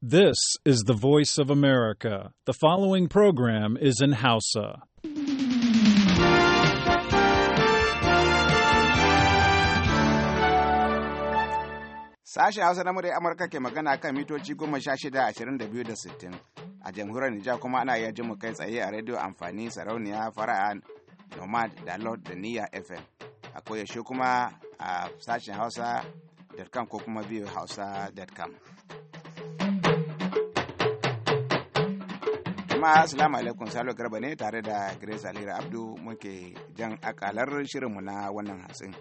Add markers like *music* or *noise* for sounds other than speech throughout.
This is the voice of America. The following program is in Hausa. Sashen Hausa na murai Amurka ke magana kan mitoci goma sha shida ashirin da biyu da sittin. A jamhuriyar Nijar kuma ana iya jin mu kai tsaye a rediyo amfani sarauniya fara'a nomad da lord da niyya fm a koyaushe kuma a sashen hausa.com ko kuma biyu hausa.com. jama'a assalamu alaikum salo garba ne tare da grace alira abdu muke jan akalar mu na wannan hatsin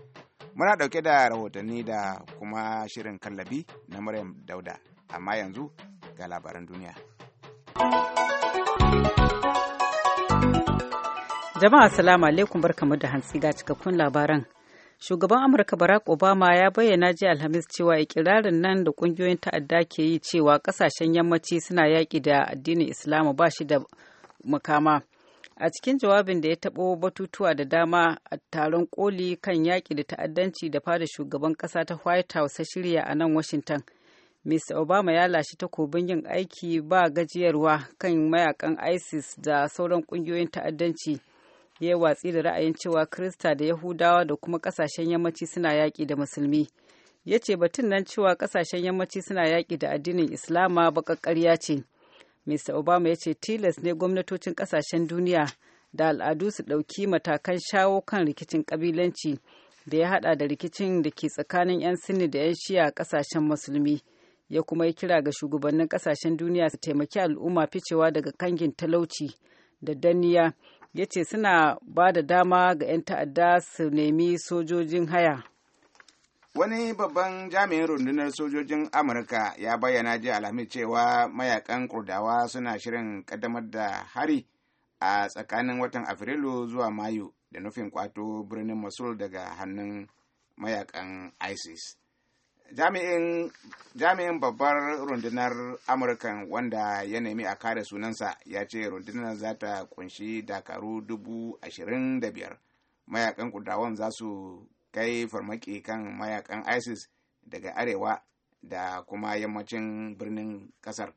muna dauke da rahotanni da kuma shirin kallabi na maryam dauda amma yanzu ga labaran duniya jama'a assalamu alaikum barkamu da hantsi ga cikakkun labaran shugaban amurka barack obama ya bayyana jiya alhamis cewa ikirarin nan da kungiyoyin ta'adda ke yi cewa kasashen yammaci suna yaƙi da addinin islamu ba shi da makama a cikin jawabin da ya taɓo batutuwa da dama a taron koli kan yaƙi da ta'addanci da fada shugaban ƙasa ta white house shirya a nan washington Mr. Obama ya lashe takobin yin aiki ba gajiyarwa kan mayakan ISIS da sauran ƙungiyoyin ta'addanci. ya yi watsi da ra'ayin cewa kirista da Yahudawa da kuma kasashen yammaci suna yaƙi da musulmi. Ya ce batun nan cewa kasashen yammaci suna yaƙi da addinin Islama baƙaƙƙarya ce. Mr. Obama ya ce tilas ne gwamnatocin kasashen duniya da al'adu su ɗauki matakan shawo kan rikicin ƙabilanci da ya haɗa da rikicin da ke tsakanin 'yan sinni da 'yan shiya a ƙasashen musulmi. Ya kuma yi kira ga shugabannin ƙasashen duniya su taimaki al'umma ficewa daga kangin talauci da danniya ya ce suna ba da dama ga 'yan ta'adda su nemi sojojin haya wani babban jami'in rundunar sojojin amurka ya bayyana ji alhamis cewa mayakan kurdawa suna shirin kaddamar da hari a tsakanin watan afrilu zuwa mayu da nufin kwato birnin masul daga hannun mayakan isis jami'in babbar rundunar Amurka wanda ya nemi a kare sunansa ya ce rundunar za ta kunshi dakaru dubu ashirin da biyar mayakan kudawan za su kai farmaki kan mayakan isis daga arewa da kuma yammacin birnin kasar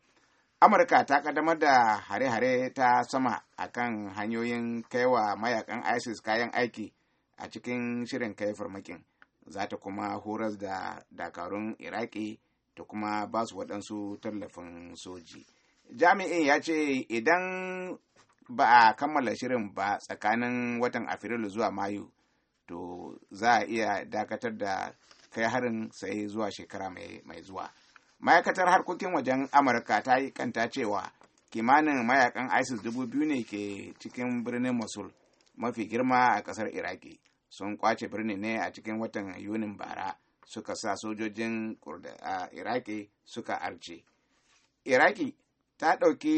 amurka ta kaddamar da hare-hare ta sama akan hanyoyin kaiwa mayakan isis kayan aiki a cikin shirin kai farmakin za ta kuma horar da dakarun iraki ta kuma ba su waɗansu tallafin soji jami'in ya ce idan ba a kammala shirin ba tsakanin watan afrilu zuwa mayu to za a iya dakatar da kai harin sai zuwa shekara mai zuwa ma'aikatar harkokin wajen amurka ta yi kanta cewa kimanin mayakan isis dubu biyu ne ke cikin birnin mosul mafi girma a kasar iraki sun kwace birni ne a cikin watan yunin bara suka sa sojojin a iraki suka arce iraki ta ɗauki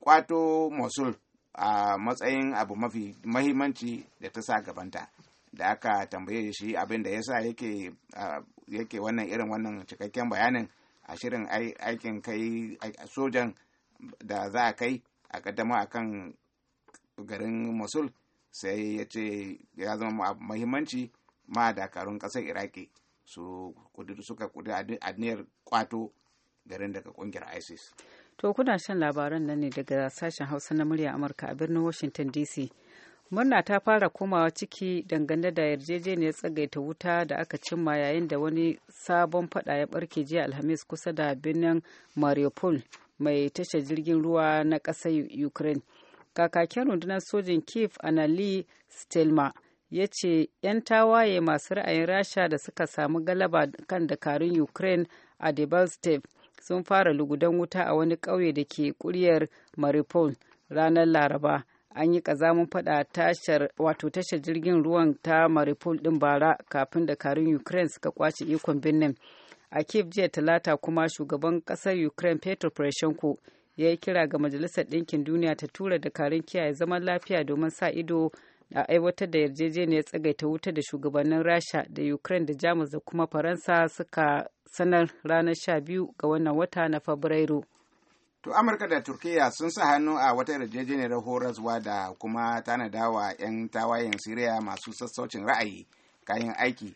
kwato mosul a matsayin abu mafi mahimmanci da ta sa gabanta da aka tambaye shi abin da ya sa yake wannan irin wannan cikakken bayanin a shirin aikin kai sojan da za a kai a kaddama akan garin mosul sai ya ce ya zama mahimmanci ma dakarun ƙasar iraki su suka kudu aniyar kwato garin daga kungiyar isis to kuna shan labaran nan ne daga sashen hausa na murya amurka a birnin washington dc murna ta fara komawa ciki dangane da yarjejeniyar tsagaita wuta da aka cimma yayin da wani sabon fada ya barke jiya alhamis kusa da birnin mariupol mai tashar jirgin ruwa na ƙasar ukraine kakakin rundunar sojin kiev anali stelma ya ce 'yan tawaye masu ra'ayin rasha da suka samu galaba kan dakarun ukraine a debalstev sun fara lugudan wuta a wani ƙauye da ke kuryar maripol ranar laraba an yi ƙazamin fada tashar wato tashar jirgin ruwan ta maripol din bara kafin dakarun ukraine suka kwace ikon birnin a kiev jiya talata kuma shugaban ƙasar ukraine petro poroshenko ya yi kira ga majalisar ɗinkin duniya ta tura dakarun kiyaye zaman lafiya domin sa ido a aiwatar da yarjejeniyar tsagaita wuta da shugabannin rasha da ukraine da jamus da kuma faransa suka sanar ranar 12 ga wannan wata na fabrairu to amurka da turkiya sun sa hannu a wata yarjejeniyar horaswa da kuma tanada wa 'yan tawayen siriya masu sassaucin ra'ayi kayan aiki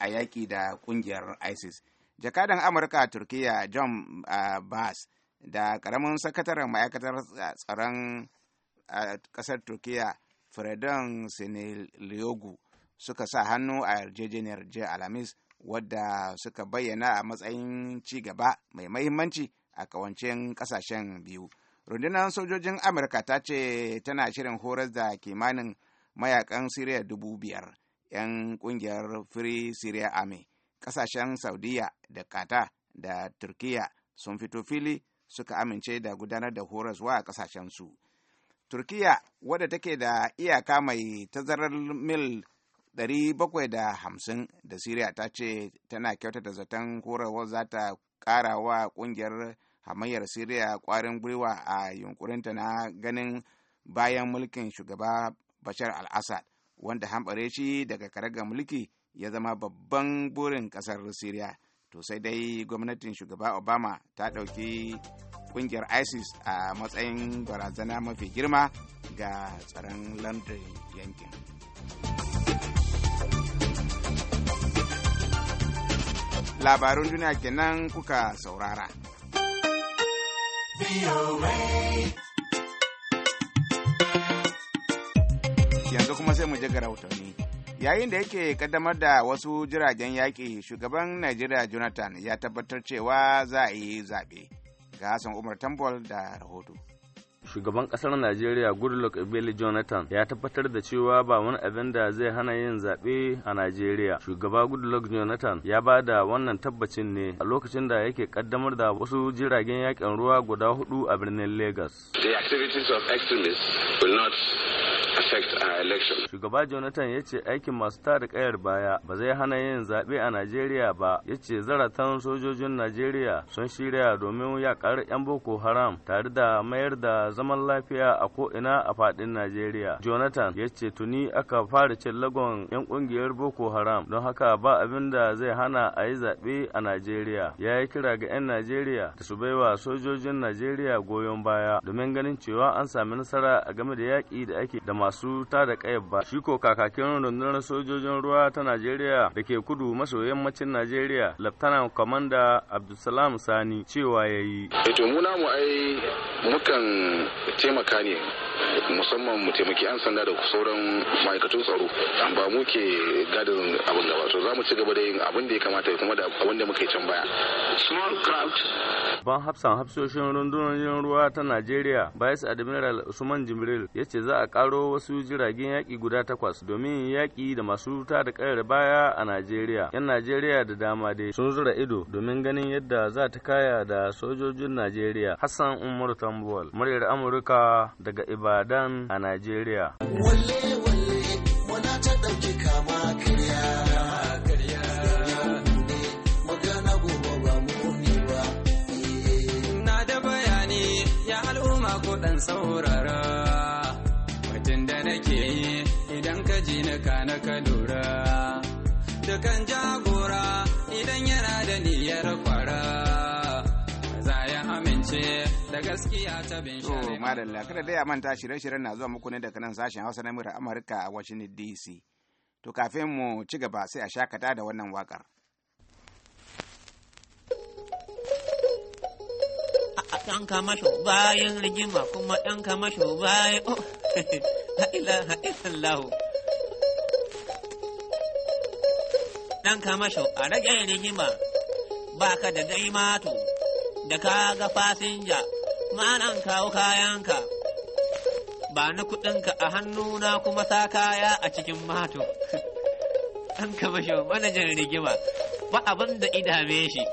a yaƙi da ƙungiyar isis jakadan amurka a turkiya john uh, ah, bass da karamin sakataren ma'aikatar tsaron a kasar turkiya fredon seneliogu suka sa hannu a yarjejeniyar jiya alhamis wadda suka bayyana a matsayin ci gaba mai mahimmanci a kawancin kasashen biyu rundunar sojojin amurka ta ce tana shirin horar da kimanin mayakan siriya dubu biyar 'yan kungiyar free syria army kasashen saudiya da kata da turkiya sun fito fili suka amince da gudanar da horaswa a ƙasashensu. Turkiya wadda take da iyaka mai tazarar mil 750 da Siriya ta ce tana kyautata zaton horarwar za ta ƙara wa ƙungiyar hamayyar Siriya ƙwarin gwiwa a yunkurinta na ganin bayan mulkin shugaba Bashar al-Assad wanda hambare shi daga karagar mulki ya zama babban burin ƙasar Siriya. to sai dai gwamnatin shugaba obama ta ɗauki kungiyar isis a matsayin barazana mafi girma ga tsaron london yankin labarun duniya kenan kuka saurara yanzu kuma sai mu je ga rahotanni yayin da yake kaddamar da wasu jiragen yaƙi shugaban najeriya jonathan ya tabbatar cewa za a yi zaɓe ga hassan umar tambol da rahoto shugaban kasar najeriya goodluck ebele jonathan ya tabbatar da cewa ba wani abin da zai hana yin zaɓe a najeriya shugaba goodluck jonathan ya ba da wannan tabbacin ne a lokacin da yake kaddamar da wasu jiragen yakin ruwa guda hudu a birnin lagos the activities of extremists will not affect our election. Shugaba Jonathan ya ce aikin masu tada kayar baya ba zai hana yin zaɓe a Najeriya ba. Ya ce zaratan sojojin Najeriya sun shirya domin yakar 'yan Boko Haram tare da mayar da zaman lafiya a ko'ina a faɗin Najeriya. Jonathan ya ce tuni aka fara cin lagon 'yan ƙungiyar Boko Haram don haka ba abin da zai hana a yi zaɓe a Najeriya. Ya yi kira ga 'yan Najeriya da su baiwa sojojin Najeriya goyon baya domin ganin cewa an sami nasara a game da yaƙi da ake da masu masu da kayan ba shi ko kakakin rundunar sojojin ruwa ta Najeriya da ke kudu maso yammacin Najeriya Laftanan Kwamanda Abdulsalam Sani cewa yayi. Eh, to mu namu ai mukan taimaka ne musamman mu taimaki an sanda da sauran ma'aikatun tsaro ba mu ke gadin abin gaba to za mu ci gaba da yin abin da ya kamata kuma da abin da yi can baya small craft ban hafsan hafsoshin rundunar ruwa ta Najeriya Vice Admiral Usman Jibril ya ce za a karo wasu jiragen yaki guda takwas domin yaki da masu ruta da kayar baya a Najeriya. 'Yan Najeriya da dama dai sun zura ido domin ganin yadda za ta kaya da sojojin Najeriya. Hassan Umar Tambuwal, muryar Amurka daga Iba. Ibadan a Najeriya. Walle wale wana ta ɗauki kama karya. Kuɗin saurara mutum da nake yi idan ka ji na ka na ka lura dukan jagora idan yana da niyyar ku da gaskiya ta bin shari'a. To, madalla, kada dai a manta shirye-shiryen na zuwa muku ne daga nan sashen Hausa na Mura Amurka a Washington DC. To, kafin mu ci gaba sai a shakata da wannan wakar. ɗan kamasho bayan rigima kuma ɗan kamasho bayan oh ha'ila *laughs* ha'ila lahu ɗan kamasho a rage rigima ba ka da daimato da ka ga fasinja an kawo kayanka ba na kuɗinka a hannuna kuma sa kaya a cikin mato an kama shi manajan rigima ba abin da idame shi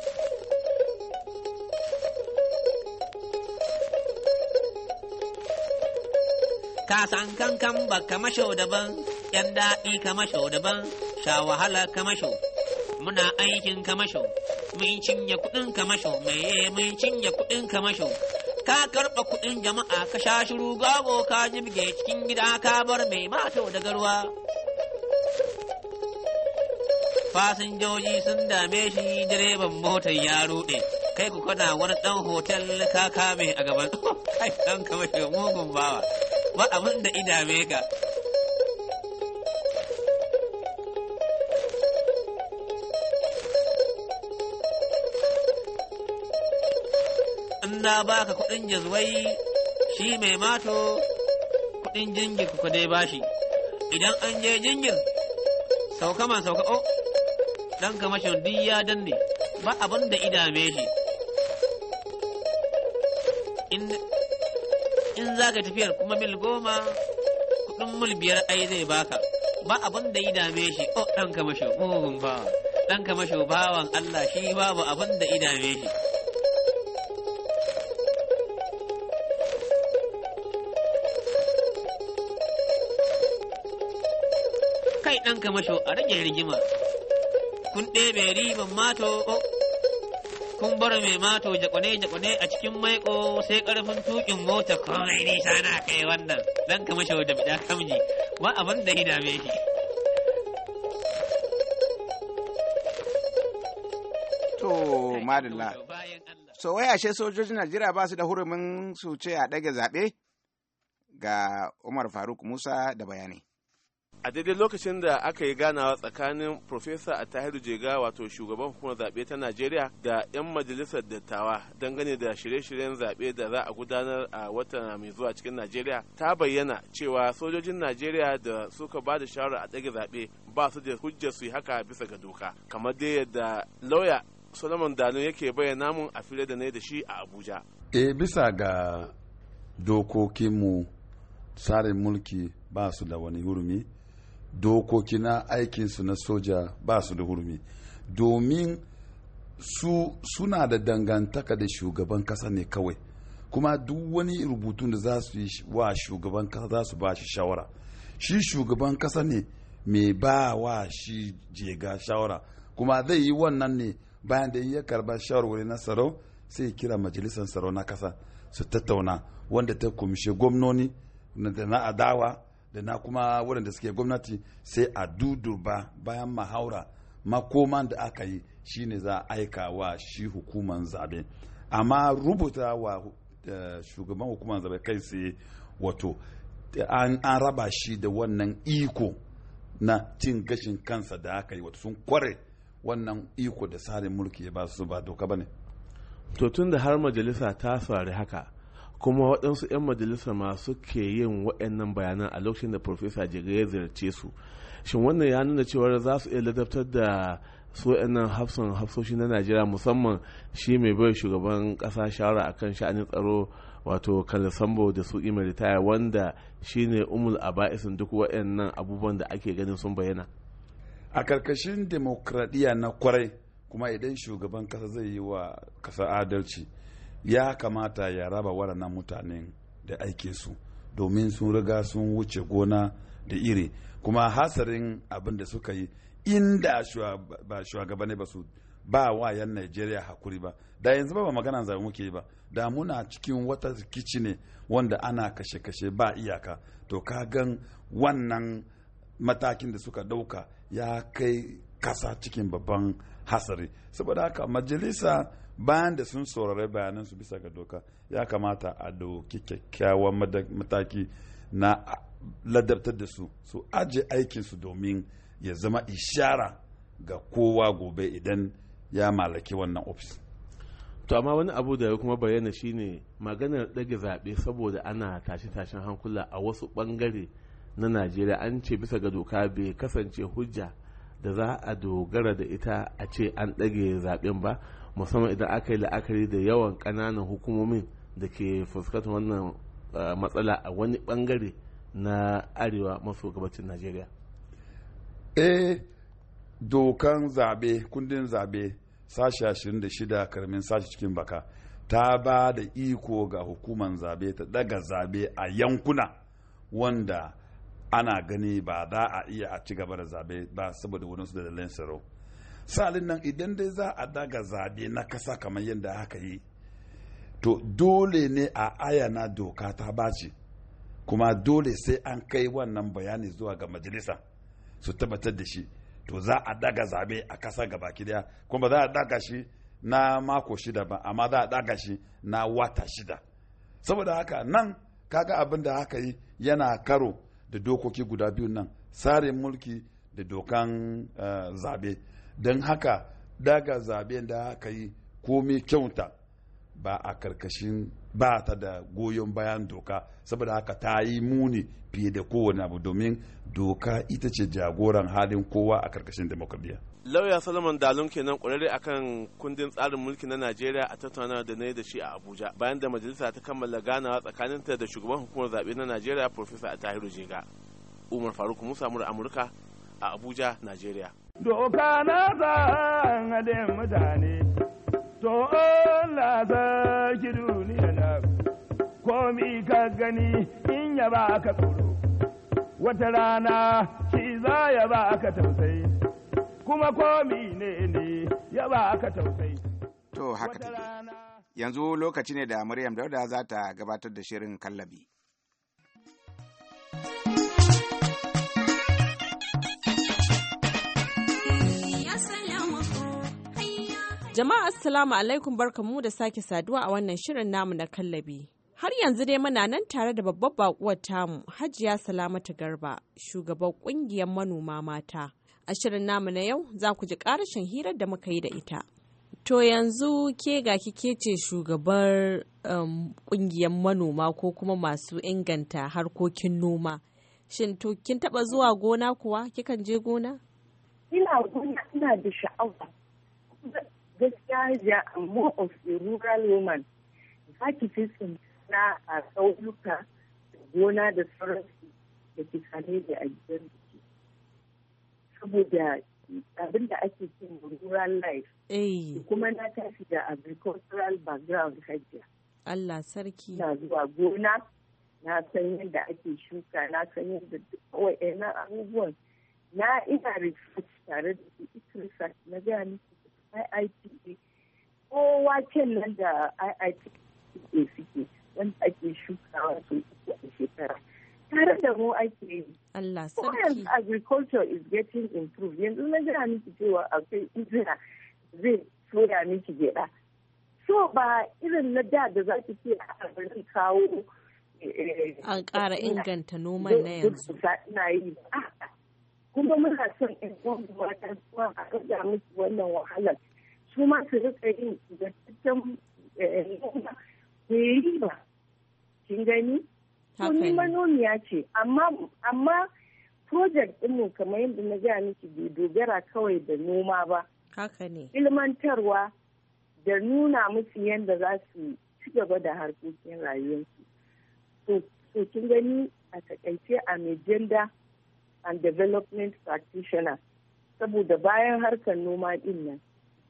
Ka kasan kankan ba kamasho daban yan daɗi kamasho daban sha wahala kamasho muna aikin kamasho mun cinye kuɗin kamasho meye mun cinye kuɗin kamasho ka karɓa kuɗin jama'a ka sha shiru gago ka jibge cikin gida ka bar mai mata da garwa fasinjoji sun dame shi direban motar ya ruɗe kai ku kana wani ɗan hotel ka kame a gaban *laughs* kai ɗan kamar mugun bawa ba abin da idame ka na baka kuɗin jazwai shi mai mato kuɗin jingir ku dai shi. idan an je jingir sauka man sauka o oh, dan kamashin duk ya danne ba abin da idame shi in za ka tafiyar kuma mil goma kuɗin mil biyar ai zai baka ba abin da idame shi o oh, dan kamashin mugun oh, bawa dan kamashin bawan Allah shi babu abin da idame shi ɗanka kamasho a rage rigima kun ɗebe riban mato kun bar mai mato jakwane-jakwane a cikin maiko sai ƙarfin tukin mota komai nisa na kai wannan ɗan kamasho da bida kamji ba abin da hida shi to madalla so wai ashe sojojin najeriya ba su da hurumin su ce a ɗage zaɓe ga umar faruk musa da bayani a daidai lokacin da aka yi ganawa tsakanin profesa a tahiru jega wato shugaban hukumar zaɓe ta najeriya da 'yan majalisar dattawa dangane da shirye-shiryen zaɓe da za a gudanar a watan mai zuwa cikin najeriya ta bayyana cewa sojojin najeriya da suka ba da shawarar a ɗage zaɓe ba su da hujjar su yi haka bisa ga doka kamar dai yadda lauya solomon dano yake bayyana mun a fili da ne da shi a abuja e bisa ga dokokinmu tsarin mulki ba su da wani hurumi dokoki na aikinsu na soja ba su da hurumi domin su suna da dangantaka da shugaban kasa ne kawai kuma duk wani rubutun da za su yi wa shugaban kasa za su ba shi shawara shi shugaban kasa ne mai ba wa shi jega shawara kuma zai yi wannan ne bayan da ya karba shawarwari na sarau sai kira majalisar sarau na kasa su tattauna wanda ta kumshe gwamnoni da na adawa da na kuma waɗanda suke gwamnati sai a duduba bayan mahaura makoman da aka yi shine za a aika wa shi hukuman zabe amma rubuta wa eh, shugaban hukuman zabe kai sai wato an raba shi da wannan iko na cin gashin kansa da aka yi wato sun kware wannan iko da tsarin mulki ya ba su ba doka ba ne tun da har majalisa ta sari haka kuma waɗansu 'yan majalisa masu ke yin waɗannan bayanan a lokacin da profesa jiga ya ziyarce su shin wannan ya nuna cewar za su iya ladabtar da su waɗannan hafsan hafsoshi na najeriya musamman shi mai bai shugaban ƙasa shawara akan sha'anin tsaro wato kalisambo da su ime wanda shine umul aba'isin duk waɗannan abubuwan da ake ganin sun bayyana a karkashin demokradiyya na kwarai kuma idan shugaban ƙasa zai yi wa kasa adalci ya kamata ya raba waɗannan mutanen da aikinsu domin sun riga sun wuce gona da iri kuma hasarin abin da suka yi inda ba shugabanni ba su ba wa 'yan Najeriya hakuri ba da yanzu ba magana zai muke ba da muna cikin wata rikici ne wanda ana kashe-kashe ba iyaka to ka gan wannan matakin da suka ɗauka ya kai kasa cikin babban hasari saboda haka majalisa bayan da sun saurari bayanan su bisa ga doka ya kamata a dauki kyakkyawan mataki na ladabtar da su su aje aikinsu su domin ya zama ishara ga kowa gobe idan ya malaki wannan ofis to amma wani abu da ya kuma bayyana shine maganar ɗage zaɓe saboda ana tashe-tashen hankula a wasu ɓangare na najeriya an ce bisa ga doka bai kasance hujja da za a dogara da ita a ce an ɗage zaɓen ba musamman idan aka yi la'akari da yawan ƙananan hukumomin da ke fuskantar wannan matsala a wani bangare na arewa maso gabacin najeriya eh dokan zabe kundin zabe sashi 26 karamin sashi cikin baka ta ba da iko ga hukumar zabe ta daga zabe a yankuna wanda ana gani ba za a iya a ci gaba da zabe ba saboda wurinsu da dalilin tsaro salin nan idan dai za a daga zabe na kasa kamar yadda aka yi to dole ne a ayana doka ta baci kuma dole sai an kai wannan bayani zuwa ga majalisa su tabbatar da shi to za a daga zabe a kasa baki daya kuma za a daga shi na mako shida ba amma za a daga shi na wata shida saboda haka nan kaga abin da haka yi yana karo da dokoki guda biyu nan tsarin mulki da dokan eh, zabe don haka daga zaben da aka yi komai kyauta ba a karkashin ba ta da goyon bayan doka saboda haka ta yi muni fiye da kowane abu domin doka ita ce jagoran halin kowa a karkashin demokradiyya. lauya solomon dalun kenan kwararre kan kundin tsarin mulki na najeriya a tattauna da na yi da shi a abuja bayan da majalisa ta kammala ganawa ta da shugaban hukumar zaɓe na najeriya professor tahiru jega umar faruk musa amurka a abuja najeriya Doka na zan haɗin mutane, to Allah sarki duniya na komi ka gani in ya ba ka tsoro, wata rana shi za ya ba ka tausayi, kuma komi ne ne ya ba ka tausayi. To haka Yanzu lokaci ne da Maryam Dauda za ta gabatar da shirin kallabi. Jama'a Assalamu alaikum barkamu da sake saduwa a wannan shirin namu na kallabi. Har yanzu dai muna nan tare da babbar bakuwar tamu Hajiya Salamatu Garba, shugaban ƙungiyar manoma mata. A shirin namu na yau za ku ji karashin hirar da muka yi da ita. To yanzu ke ga kike ce shugabar um, ƙungiyar manoma ko kuma masu inganta harkokin noma. Shin to kin taba zuwa gona kuwa? Kikan je gona? Ina gona ina da sha'awa. gaskiya ja a more of a rural woman za ki fi na a da gona da sauransu da ke da a gidan biki saboda abin da ake cin rural life eh. kuma na tafi da agricultural background hajiya Allah sarki na zuwa gona na san yadda ake shuka na san yadda duk abubuwan na ina research tare da su na gani IITA e. ko waken nan da IITA e suke wanda ake shukawa su a shekara tare da mu ake yi. Allah sarki. agriculture is getting improved yanzu na jira miki cewa akwai injina zai soya miki gyaɗa. So ba irin na da da za ki ce a kawo eh, an ƙara eh, inganta noman na yanzu. Kuma muna son in mata a rage musu wannan wahalar su ma su rika yin eh, yi riba kin gani to ni manomiya ce amma amma project ɗinmu kamar yadda na gaya miki bai dogara kawai da noma ba ilmantarwa da nuna musu yadda za su ci gaba da harkokin rayuwarsu to kin gani a takaice a agenda and development practitioner saboda bayan harkar noma din nan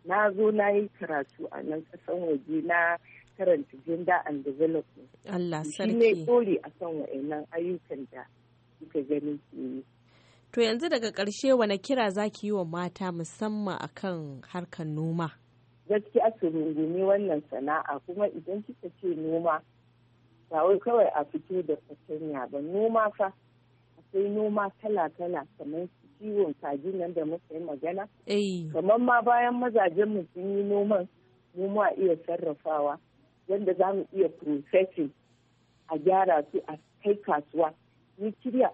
na zo na yi karatu a nan kasan waje na karanta gender and development Allah sarki shi ne dole a san wa'annan ayyukan da suka gani ke to yanzu daga ƙarshe wani kira za ki yi wa mata musamman akan harkar noma gaskiya su rungumi wannan sana'a kuma idan kika ce noma ba kawai a fito da fatanya ba noma fa akwai noma kala-kala kamar ciwon kaji nan da muka yi magana kamar ma bayan mazajen mu sun yi noman mu ma iya sarrafawa yadda za mu iya processing a gyara su a kai kasuwa ni kira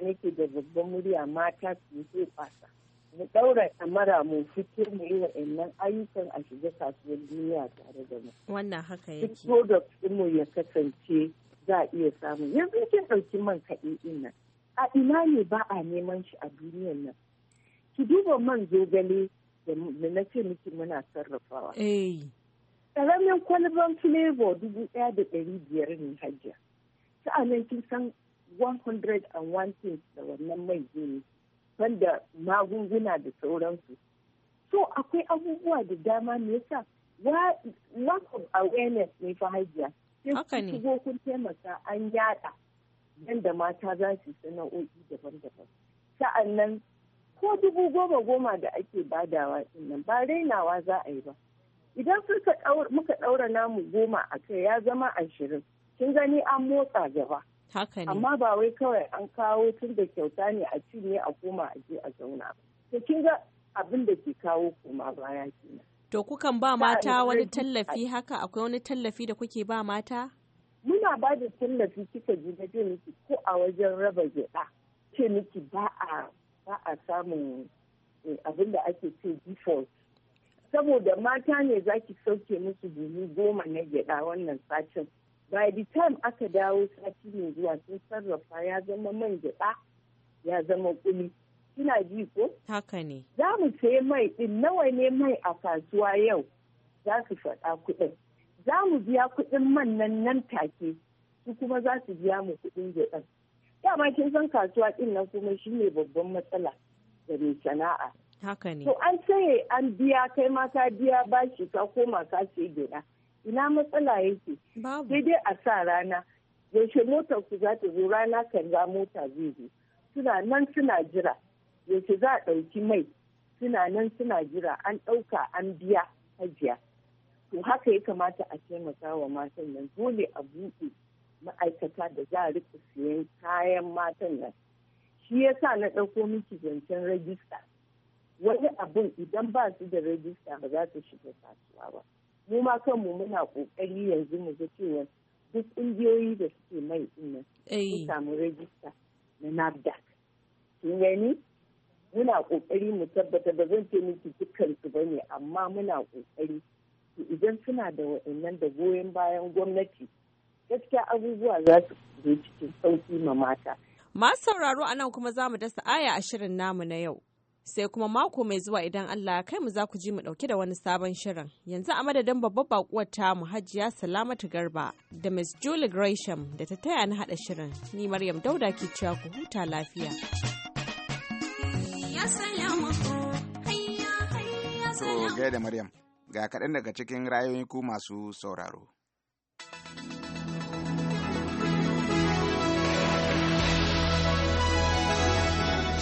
ne nake da babban murya mata su yi kwasa mu ɗaura ɗamara mu fitar mu yi wa'annan ayyukan a shiga kasuwar duniya tare da mu wannan haka yake duk product mu ya kasance za a iya samu yanzu kin ɗauki man kaɗi ɗin nan a ina ne ba a neman shi a duniyan nan ki duba man zogale da na ce miki muna sarrafawa eh. ƙaramin kwalban flavor dubu ɗaya da ɗari biyar ne hajjia sa'annan kin san 101 things da wannan mai gini wanda magunguna da sauransu so akwai abubuwa da dama ne yasa lack of awareness ne fa hajiya sai kun kun taimaka an yada yadda mata za su sana'o'i daban-daban sa'annan ko dubu goma goma da ake badawa nan ba rainawa za a yi ba idan muka ɗaura namu goma a kai ya zama ashirin kin gani an motsa gaba amma ba wai kawai an kawo tun da kyauta ne a ci ne a koma a je a zauna to kin ga abin da ke kawo koma baya kenan to kukan ba mata wani tallafi haka akwai wani tallafi da kuke ba mata muna ba da tallafi kika ji na miki ko a wajen raba gyaɗa ce miki ba a ba samun eh, abin da ake ce default saboda mata ne za ki sauke musu buhu goma na gyaɗa wannan satin by the time aka dawo sati mai zuwa sun sarrafa ya zama man gyaɗa ya zama kuli kina ji ko haka ne za mu sai mai din nawa ne mai a kasuwa yau za su faɗa kuɗin za mu biya kuɗin man nan nan take su kuma za su biya mu kuɗin gyaɗan dama kin san kasuwa ɗin nan kuma shi ne babban matsala da mai sana'a haka ne to an saye an biya kai ma ka biya bashi ka koma ka ce gyaɗa ina matsala yake sai dai a sa rana yaushe motar ku za ta zo rana kan za mota zai zo suna nan suna jira yaushe za a ɗauki mai suna nan suna jira an ɗauka an biya hajiya to haka ya kamata a taimaka wa matan nan dole a buɗe ma'aikata da za a rika siyan kayan matan nan shi ya sa na ɗauko miki zancen rajista wani abin idan ba su da rajista ba za su shiga kasuwa ba mu ma kanmu muna ƙoƙari yanzu mu ga cewa duk ƙungiyoyi da suke mai ɗin eh. sun samu rajista na NAFDAC. Kin gani? Muna ƙoƙari mu tabbata ba zan ce miki dukkan su bane amma muna ƙoƙari idan suna da wa'annan da goyon bayan gwamnati gaskiya abubuwa za su je cikin sauki ma mata. Masu sauraro a nan kuma za mu dasa aya a shirin namu na yau. Sai kuma mako mai zuwa idan Allah kai mu za ku ji mu ɗauke da wani sabon shirin. Yanzu a madadin babbar bakuwar mu Hajiya Salamatu Garba da Miss Julie Gresham da ta taya ni haɗa shirin. Ni Maryam Dauda ke cewa ku huta lafiya. To gaida Maryam. ga kaɗan daga cikin rayoyin ku masu sauraro.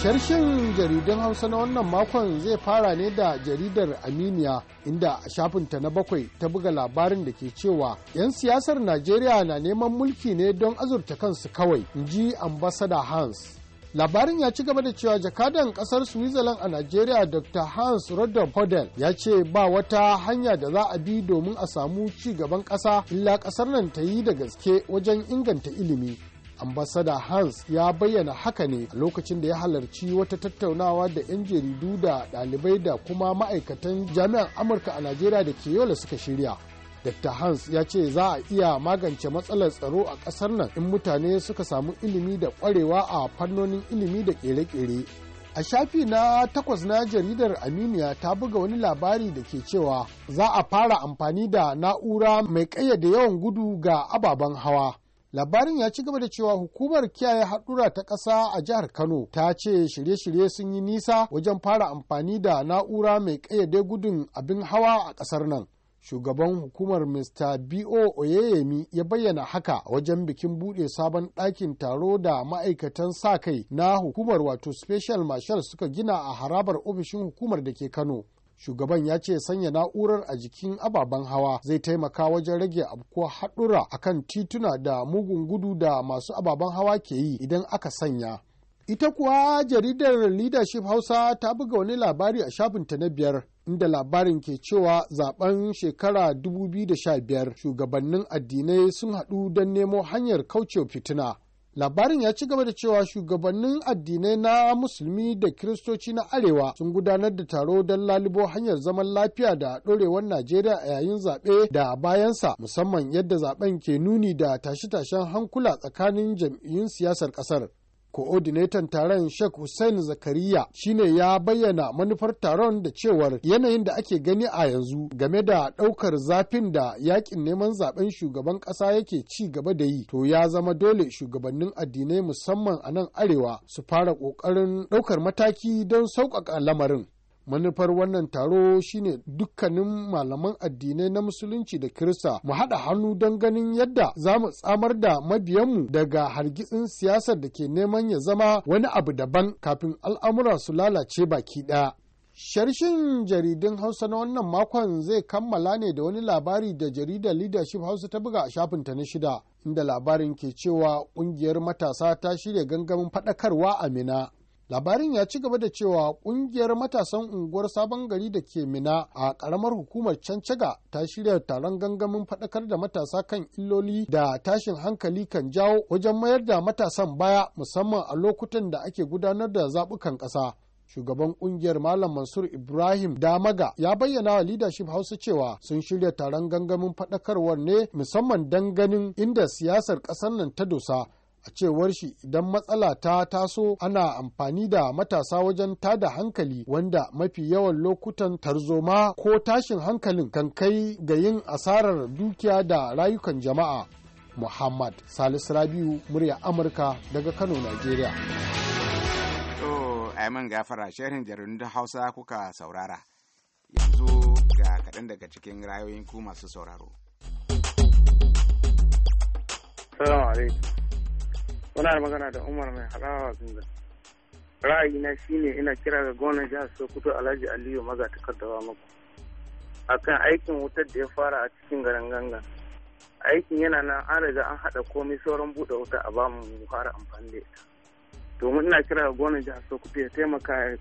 Sharshin jaridan Hausa na wannan makon zai fara ne da jaridar Aminiya inda a shafinta na bakwai ta buga labarin da ke cewa 'yan siyasar Najeriya na neman mulki ne don azurta kansu kawai, in ji ambasada Hans. labarin ya ci gaba da cewa jakadan kasar switzerland a nigeria dr hans rodon hodel ya ce ba wata hanya da za a bi domin a samu ci gaban kasa illa kasar nan ta yi da gaske wajen inganta ilimi ambasada hans ya bayyana haka ne a lokacin da ya halarci wata tattaunawa da 'yan jaridu da ɗalibai da kuma ma'aikatan jami'an amurka a najeriya da ke yola suka shirya Dr. Hans ya ce za a iya magance matsalar tsaro a ƙasar nan in mutane suka samu ilimi da ƙwarewa a fannonin ilimi da ƙere-ƙere. A shafi na takwas na jaridar Aminiya ta buga wani labari da ke cewa za a fara amfani da na'ura mai ƙayyade yawan gudu ga ababen hawa. Labarin ya ci gaba da cewa hukumar kiyaye haɗura ta ƙasa a jihar Kano ta ce shirye-shirye sun yi nisa wajen fara amfani da na'ura mai ƙayyade gudun abin hawa a ƙasar nan. shugaban hukumar mr bo oyeyemi ya bayyana haka wajen bikin bude sabon ɗakin taro da ma'aikatan sa kai na hukumar wato special marshal suka gina a harabar ofishin hukumar da ke kano shugaban ya ce sanya na'urar a jikin ababen hawa zai taimaka wajen rage abkuwa haɗura akan tituna da mugun gudu da masu ababen hawa ke yi idan aka sanya Ita kuwa jaridar Leadership Hausa ta buga wani labari a ta na biyar inda labarin ke cewa zaben shekara 2015 shugabannin addinai sun haɗu don nemo hanyar kaucewa fitina. Labarin ya ci gaba da cewa shugabannin addinai na musulmi da kiristoci na arewa sun gudanar da taro don lalibo hanyar zaman lafiya da ɗorewar Najeriya a yayin zaɓe da bayansa musamman yadda zaɓen ke nuni da tashe-tashen hankula tsakanin jam'iyyun siyasar ƙasar. Koordinatan taron Sheikh Hussein Zakariya shine ya bayyana manufar taron da cewar yanayin da ake gani a yanzu game da ɗaukar zafin da yakin neman zaben shugaban ƙasa yake ci gaba da yi to ya zama dole shugabannin addinai musamman a nan arewa su fara ƙoƙarin ɗaukar mataki don sauƙaƙa lamarin. manufar wannan taro shine dukkanin malaman addinai na musulunci da kirista mu haɗa hannu don ganin yadda za mu tsamar da mabiyanmu daga hargitsin siyasar da ke neman ya zama wani abu daban kafin al'amura su lalace baki ɗaya Sharshin jaridun Hausa na wannan makon zai kammala ne da wani labari da jaridar Leadership Hausa ta buga a shafinta na shida, inda labarin ke cewa ƙungiyar matasa ta shirya gangamin faɗakarwa a Mina. labarin ya ci gaba da cewa kungiyar matasan unguwar sabon gari da ke mina a karamar hukumar cancaga ta shirya taron gangamin faɗakar da matasa kan illoli da tashin hankali kan jawo wajen mayar da matasan baya musamman a lokutan da ake gudanar da zaɓukan ƙasa shugaban kungiyar malam mansur ibrahim damaga ya bayyana wa leadership hausa cewa sun shirya taron gangamin faɗakarwar ne musamman don ganin inda siyasar ƙasar nan ta dosa a cewar shi idan matsala ta taso ana amfani da matasa wajen tada hankali wanda mafi yawan lokutan tarzoma ko tashin hankalin kan kai ga yin asarar dukiya da rayukan jama'a muhammad salisu rabiu murya amurka daga kano nigeria to aiman gafara jaridun hausa kuka saurara yanzu ga kaɗan daga cikin rayoyin ku masu sauraro alaikum. muna magana da umar mai halawa zinga ra'ayina shine ina kira ga gwamnan jihar sokoto alhaji aliyu maga takardawa maku kan aikin wutar da ya fara a cikin garin ganga aikin yana nan an riga an haɗa komai sauran buɗe wuta a bamu mu fara amfani da ita domin ina kira ga gwamnan jihar sokoto ya taimaka ya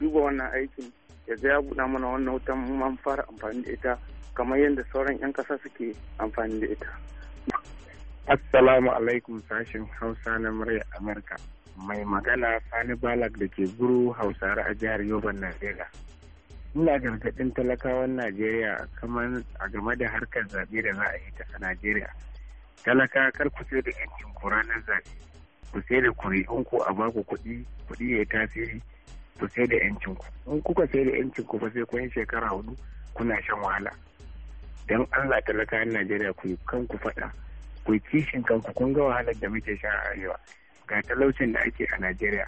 duba wannan aikin ya ga ya buɗa mana wannan wutan mun fara amfani da ita kamar yadda sauran 'yan ƙasa suke amfani da ita Assalamu alaikum sashen Hausa na murya Amurka. Mai magana Sani Balak da ke guru Hausare a jihar Yoban, Najeriya. Ina gargaɗin talakawan Najeriya kamar a game da harkar zaɓe da za a yi ta Najeriya. Talaka kar ku sai da yankin ku na zaɓe. Ku sai da ku a baku kuɗi, kuɗi ya yi tasiri. Ku sai da yancin ku. In kuka sai da yancin ku fa sai kun yi shekara hudu kuna shan wahala. Don Allah talakawan Najeriya ku yi kanku faɗa. ku kishin kanku kun ga wahalar da muke sha a arewa ga talaucin da ake a najeriya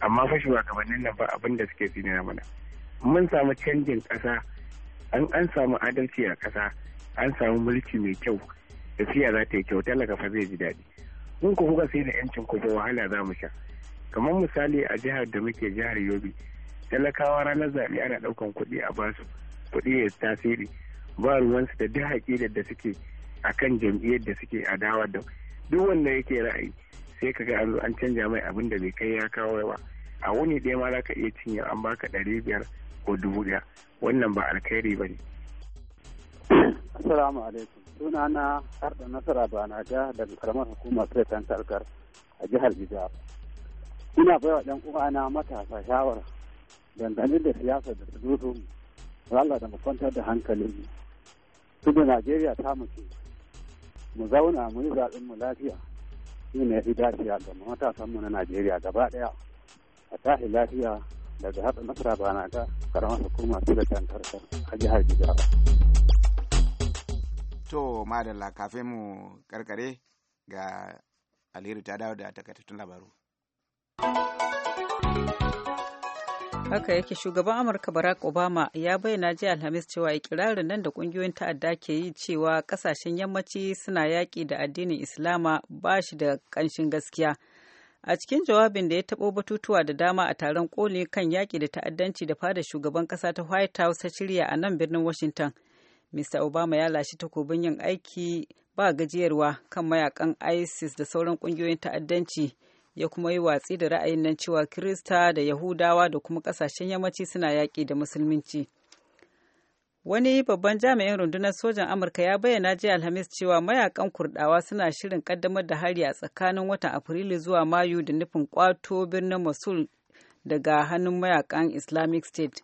amma fa shugabannin nan ba abin da suke na mana mun samu canjin ƙasa an an samu adalci a ƙasa an samu mulki mai kyau tafiya za ta yi kyau talaka fa zai ji daɗi mun ku kuka sai da yancin ku wahala za mu sha kamar misali a jihar da muke jihar yobe talakawa ranar zaɓe ana ɗaukan kuɗi a basu kuɗi ya tasiri ba ruwansu da duk haƙidar da suke a kan jam'iyyar da suke adawa da duk wanda yake ra'ayi sai ka ga an canja mai abin da bai kai ya kawo ba a wuni ɗaya ma za ka iya cinye an baka ɗari biyar ko dubu ɗaya wannan ba alkhairi ba ne. Assalamu alaikum suna na har nasara ba na daga karamar hukumar Fetan Sarkar a jihar Bijar. Ina baiwa ɗan uwana matasa shawara dangane da siyasa da su dudu Allah da mu kwantar da hankalin. da Najeriya ta mutu mu zauna mu yi zaɓen mu lafiya shi ne fi dacewa ga matasan mu na Najeriya gaba ɗaya a tashi lafiya daga haɗa nasara bana ta karamar hukuma su da ta a jihar Jigawa. To madalla kafin mu karkare ga Aliru ta dawo da takaitattun labaru. haka yake shugaban amurka barack obama ya bayyana jiya alhamis cewa ya ikirarin nan da kungiyoyin ta'adda ke yi cewa kasashen yammaci suna yaƙi da addinin islama ba shi da ƙanshin gaskiya a cikin jawabin da ya taɓo batutuwa da dama a taron koli kan yaƙi da ta'addanci da fada shugaban ƙasa ta white house ta shirya a nan birnin washington mr obama ya lashe takobin yin aiki ba gajiyarwa kan mayakan isis da sauran ƙungiyoyin ta'addanci ya kuma yi watsi da ra'ayin nan cewa Kirista da Yahudawa da kuma kasashen yammaci suna yaƙi da musulminci. Wani babban jami'in rundunar sojan Amurka ya bayyana jiya Alhamis cewa mayakan Kurdawa suna shirin kaddamar da hari a tsakanin watan Afrilu zuwa Mayu da nufin kwato birnin Mosul daga hannun mayakan Islamic State.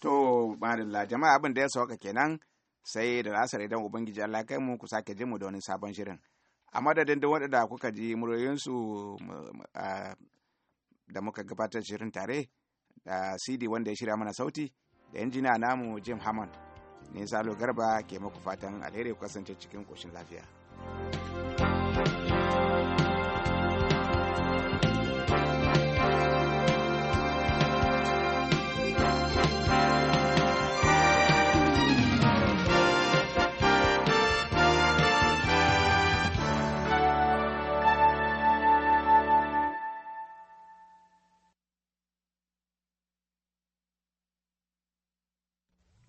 To, madalla jama'a abin da ya sauka kenan sai da lasar idan Ubangiji Allah kai mu ku sake jin mu da wani sabon shirin. a madadin da waɗanda kuka ji muryoyinsu da muka gabatar shirin tare da cd wanda ya shirya mana sauti da injina namu jim hammond ne salo garba ke muku fatan alheri ku kasance cikin koshin lafiya. thank you